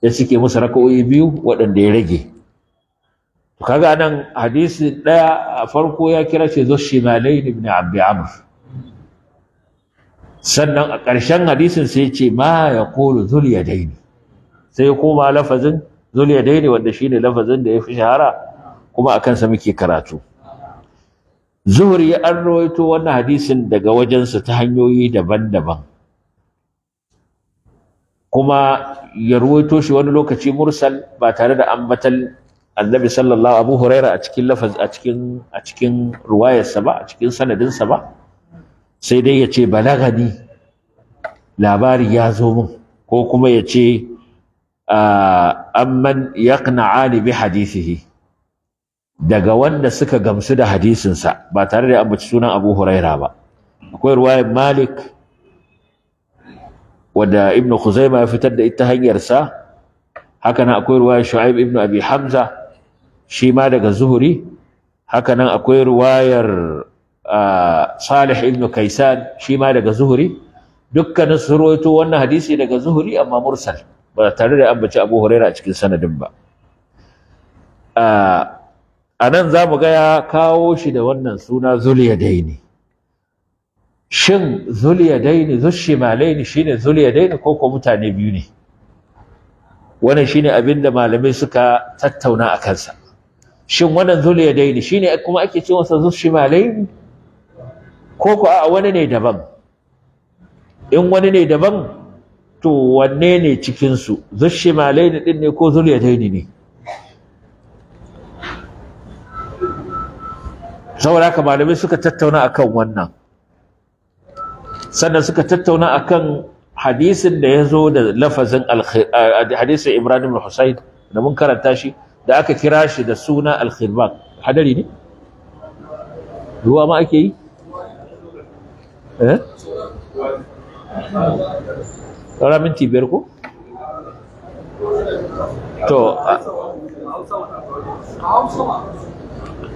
ya cike musu raka'o'i biyu waɗanda ya rage kaga nan hadisi ɗaya a farko ya kira shi zo shimalain ibn abd amr sannan a ƙarshen hadisin sai ce ma ya kulu zul yadaini sai koma lafazin zul yadaini wanda shine lafazin da ya fi shahara kuma akan sa muke karatu zuhri ya an rawaito wannan hadisin daga wajensa ta hanyoyi daban-daban kuma ya rawaito shi wani lokaci mursal ba tare da ambatal annabi sallallahu abu huraira a cikin lafaz a cikin a cikin ruwayarsa ba a cikin sanadinsa ba sai dai ya ce balagani labari ya zo min ko kuma ya ce amman yaqna'ani bi hadithihi daga wanda suka gamsu da hadisinsa ba tare da ambaci sunan abu huraira ba akwai ruwayar malik wadda ibnu khuzaima ya fitar da ita hanyarsa haka na akwai ruwayar shu'aib ibnu abi hamza shi ma daga zuhuri hakanan akwai ruwayar salih ibn kaisan shi ma daga zuhuri dukkanin su ruwaito wannan hadisi daga zuhuri amma mursal ba tare da ambaci abu huraira a cikin sanadin ba a nan za mu ga ya kawo shi da wannan suna zuliyadaini shin zuliyadaini malaini shine zuliyadaini ko ko mutane biyu ne wannan shine abinda malamai suka tattauna a kansa shin wannan zul yadaini shine kuma ake cewa masa zul shimalaini ko ko a wani ne daban in wani ne daban to wanne ne cikin su zul shimalaini din ne ko zul yadaini ne saboda haka malamai suka tattauna akan wannan sannan suka tattauna akan hadisin da ya zo da lafazin hadisin Ibrahim al-Husayn da mun karanta shi da aka kira shi da suna al hadari ne ruwa ma ake yi eh tsara minti biyar ko to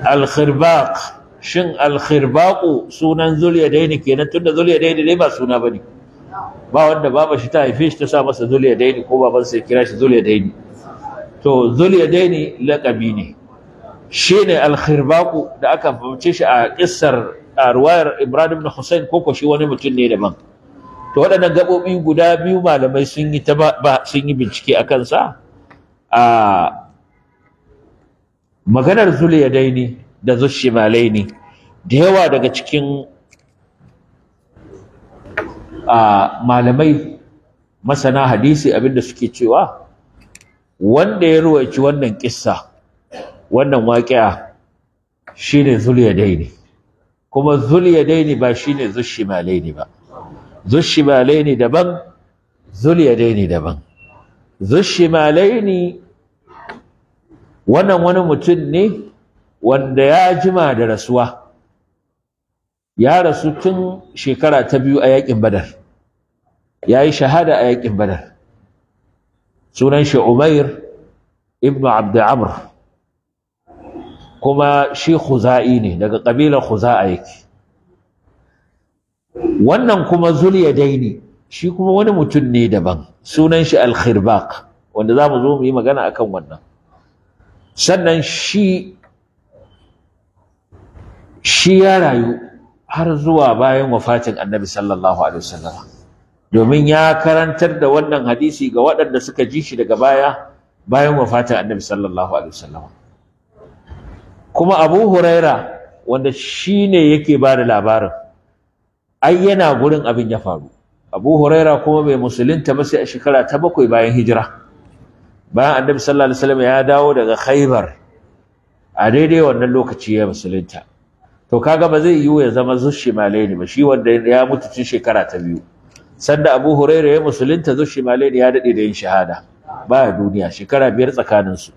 al-khirbak shin al-khirbaku sunan ne kenan tunda zuliyadaini dai ba suna bane ba wanda baba shi ta haife shi ta sa masa ne ko baban sai kira shi ne to zuliyadaini laqabi ne shine al-khirbaqu da aka fahimce shi a kissar ruwayar Ibrahim ibn Hussein koko shi wani mutum ne daban to waɗannan gabobi guda biyu malamai sun yi sun yi bincike akan sa a maganar zuliyadaini da ne da yawa daga cikin a malamai masana hadisi abinda suke cewa wanda ya ruwaici wannan kissa wannan waƙi'a shine daini kuma daini ba shine zushimalaini ba Zushi zushimalaini daban daini daban Zushi zushimalaini wannan wani mutum ne wanda ya jima da rasuwa ya rasu tun shekara ta biyu a yaƙin badar ya yi shahada a yaƙin badar sunan shi umair ibnu abd amr kuma shi khuza'i ne daga kabilar khuza'a yake wannan kuma ne shi kuma wani mutum ne daban sunan shi alkhirbaq wanda za zamu zo mu yi magana akan wannan sannan shi shi ya rayu har zuwa bayan wafatin annabi sallallahu alaihi wasallam domin ya karantar da wannan hadisi ga waɗanda suka ji shi daga baya bayan wafatar annabi sallallahu alaihi wasallam kuma abu huraira wanda shi ne yake ba da labarin ai yana gurin abin ya faru abu huraira kuma bai musulunta ba sai a shekara ta bakwai bayan hijira bayan annabi sallallahu alaihi wasallam ya dawo daga khaybar a daidai wannan lokaci ya musulunta to kaga ba zai yiwu ya zama zushi malaini ba shi wanda ya mutu tun shekara ta biyu sanda Abu hurairu ya musulunta ne ya daɗe da yin shahada Ba ya duniya shekara biyar tsakanin su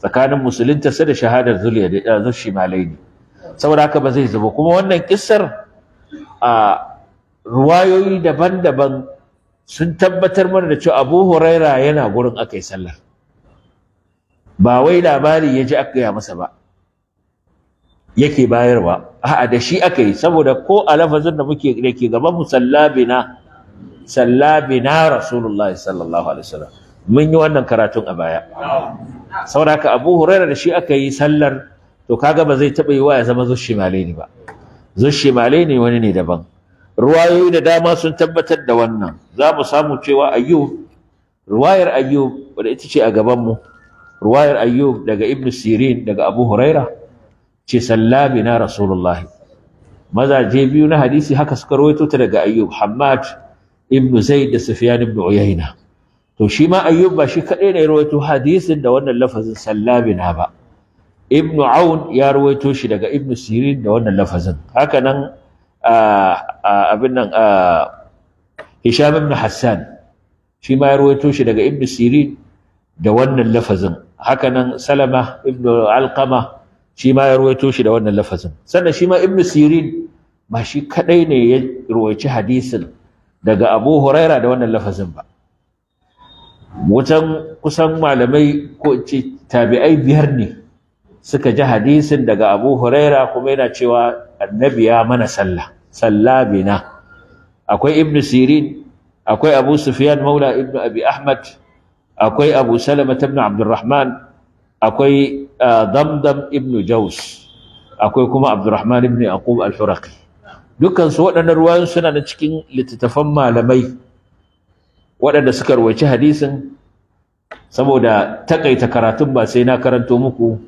tsakanin musulunta sada da shahadar eh, ne saboda haka ba zai zuba kuma wannan kisar a ruwayoyi daban-daban sun tabbatar mana da cewa Abu Huraira yana gurin aka yi sallar ba wai labari ya ji aka masa ba yake bayarwa a'a da shi aka yi saboda ko a lafazin da muke da ke gaban musallabina Sallabi na rasulullahi sallallahu alaihi wasallam mun yi wannan karatun a baya saboda haka Abu huraira da shi aka yi sallar to kaga ba zai taba yi wa ya zama zushimale ne ba zushimale ne wani ne daban ruwayoyi da dama sun tabbatar da wannan za mu samu cewa ayyub ruwayar ayyub wadda ita ce a mu. ruwayar ayyub daga ibn sirin daga abu huraira ce sallabi na rasulullahi mazaje biyu na hadisi haka suka rawaito ta daga ayyub hammad ibnu zaid da sufyan ibn uyayna to shi ma ayyub ba shi kadai ne rawaito hadisin da wannan lafazin sallabina ba ibnu aun ya ruwaito shi daga ibnu sirin da wannan lafazin haka nan abin nan hisham ibn hassan shi ma ya ruwaito shi daga ibnu sirin da wannan lafazin haka nan salama ibnu alqama shi ma ya ruwaito shi da wannan lafazin sannan shi ma ibnu sirin ba shi kadai ne ya ruwaici hadisin daga Abu Huraira da wannan lafazin ba wutan kusan malamai ko ce tabi'ai biyar ne suka ji hadisin daga Abu Huraira kuma yana cewa annabi ya mana sallah salla bina akwai Ibn Sirin akwai Abu Sufyan maula Ibn Abi Ahmad akwai Abu Salama ibn Abdurrahman akwai uh, Damdam ibn Jaus akwai kuma Abdurrahman ibn Aqub al-Huraqi dukkan su waɗannan ruwan suna na cikin littattafan malamai waɗanda suka ruwaci hadisin saboda takaita karatun ba sai na karanto muku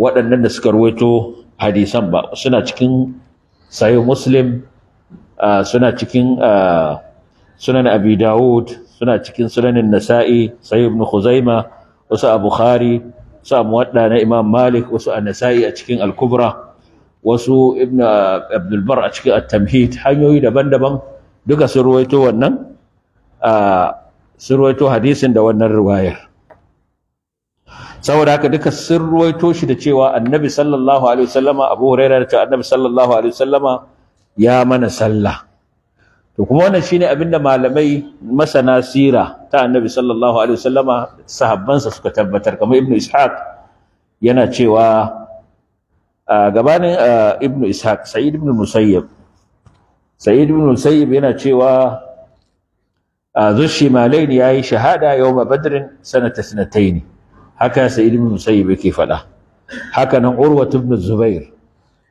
waɗannan da suka ruwaito hadisan ba suna cikin sayo muslim suna cikin sunan abi dawud suna cikin sunanin nasa'i sayo ibn khuzaima wasu a bukhari wasu a muwadda na imam malik wasu a nasa'i a cikin al-kubra wasu ibn uh, abdulbar a cikin at-tamhid hanyoyi daban-daban duka sun ruwaito wannan uh, sun ruwaito hadisin da wannan riwayar saboda haka duka sun ruwaito shi da cewa annabi sallallahu alaihi wasallama abu huraira da cewa annabi sallallahu alaihi wasallama ya mana sallah to kuma wannan shine abinda malamai masana sira ta annabi sallallahu alaihi wasallama sahabbansa suka tabbatar kamar ibnu ishaq yana cewa Ah, gabanin ah, ibnu ishaq sa'id ibn musayyib sa'id ibn musayyib yana cewa ah, ya yayi shahada ma badrin sanata sanataini haka sa'id ibn musayyib yake faɗa haka nan urwa ibn zubair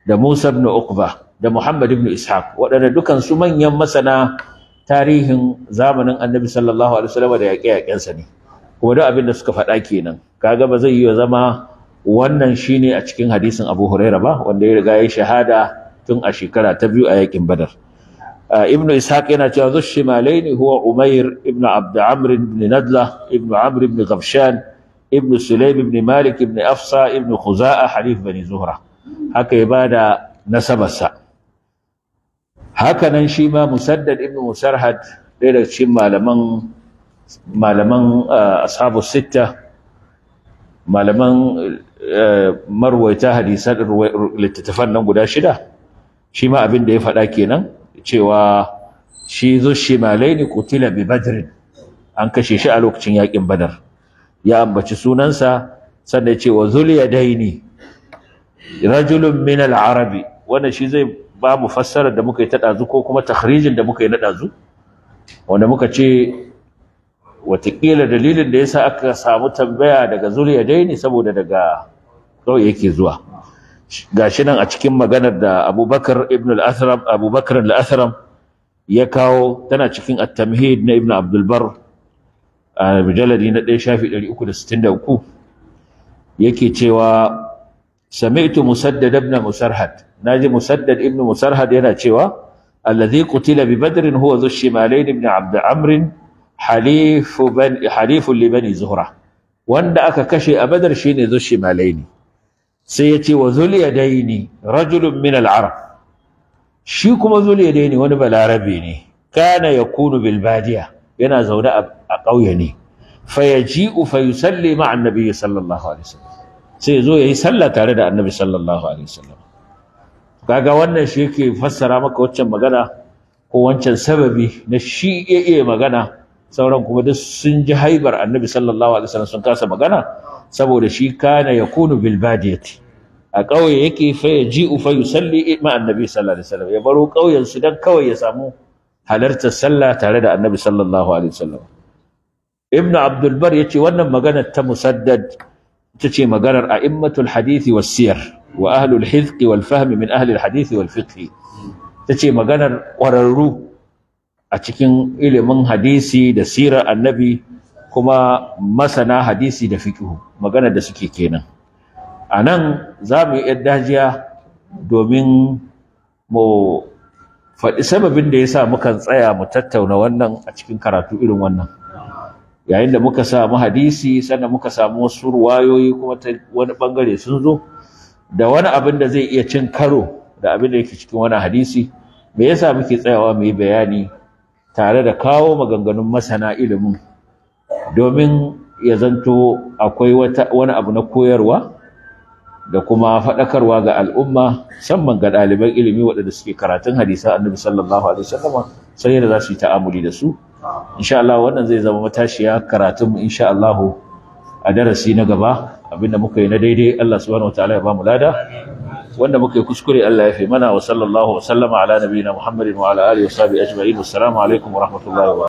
da musa ibn uqba da muhammad ibn ishaq waɗanda dukan su manyan masana tarihin zamanin annabi sallallahu alaihi wasallam da yaƙe-yaƙensa ne kuma duk abin da suka faɗa kenan kaga ba zai yi zama wannan shine a cikin hadisin Abu Huraira ba wanda ya riga ya shahada tun a shekara ta biyu a yakin Badar Ibn Ishaq yana cewa zushimalaini huwa Umair ibn Abd Amr ibn Nadla ibn Amr ibn Ghafshan ibn Sulaym ibn Malik ibn Afsa ibn Khuza'a halif bani Zuhra haka ya bada nasabarsa haka nan shi ma Musaddad ibn Musarhad ɗaya daga cikin malaman malaman ashabu sitta malaman eh, marwaita hadisan littattafan nan guda shida shi ma abin da ya faɗa kenan cewa shi zushimalaini ne kutila bi badrin an kashe shi a lokacin yakin badar ya ambaci sunansa sannan ce wa daini rajulun min arabi wanda shi zai babu mu fassarar da muka yi ta ɗazu ko kuma takhrijin da muka yi na ɗazu? wanda muka ce wataƙila dalilin da yasa aka samu tambaya daga zuriya ne saboda daga kawai yake zuwa gashi nan a cikin maganar da abubakar ibn al-athram abubakar al ya kawo tana cikin at-tamhid na ibn abdul bar a mujalladi na 1 shafi yake cewa sami'tu musaddad ibn musarhad naji musaddad ibn musarhad yana cewa alladhi qutila bi badrin huwa dhu shimalayn ibn abd amr halifun libani zuhra wanda aka kashe a badar shi ne zushimalai sai ya ce wa zuliyadaini rajulun min al'arab shi kuma zuliyadaini wani balarabe ne kana ya kunu bilbadiya. yana zaune a ƙauye ne fa yaji'u fa yusalli ma'a annabi sallallahu alaihi sallam. sai zo yayi sallah tare da annabi sallallahu alaihi wasallam kaga wannan shi yake fassara maka waccan magana ko wancan sababi na shi iya magana sauran kuma duk sun ji haibar annabi sallallahu alaihi wasallam sun kasa magana saboda shi kana yakunu bil badiyati a ƙauye yake fa yaji'u fa yusalli ma annabi sallallahu alaihi wasallam ya baro ƙauyen su dan kawai ya samu halartar sallah tare da annabi sallallahu alaihi wasallam ibnu abdul bar yace wannan magana ta musaddad ita ce maganar a'immatul hadithi was siyar wa ahlul hizqi wal fahmi min ahli al hadithi wal fiqh ita ce maganar ƙwararru a cikin ilimin hadisi da sirar annabi kuma masana hadisi da fiqhu magana da suke kenan a nan za mu yi dajiya domin mu faɗi sababin da ya sa mukan tsaya mu tattauna wannan a cikin karatu irin wannan yayin da muka samu hadisi sannan muka samu wasu ruwayoyi kuma wani ɓangare sun zo da wani abin da zai iya cin karo da abin da yake cikin wani hadisi me yasa muke tsayawa mu yi bayani tare da kawo maganganun masana ilimin domin ya zanto akwai wani abu na koyarwa da kuma faɗakarwa ga al'umma musamman ga ɗaliban ilimi waɗanda suke karatun hadisa. annabi sallallahu alaihi wasallam sai da za su yi ta'amuli da su insha Allah wannan zai zama matashiya karatun mu insha Allah a darasi na gaba abinda muka yi na daidai Allah subhanahu wataala ya ba mu lada wanda muka yi kuskure Allah ya fi mana wa sallallahu wa sallama ala nabiyina Muhammadin wa ala alihi wa sahbihi ajma'in assalamu alaikum wa rahmatullahi wa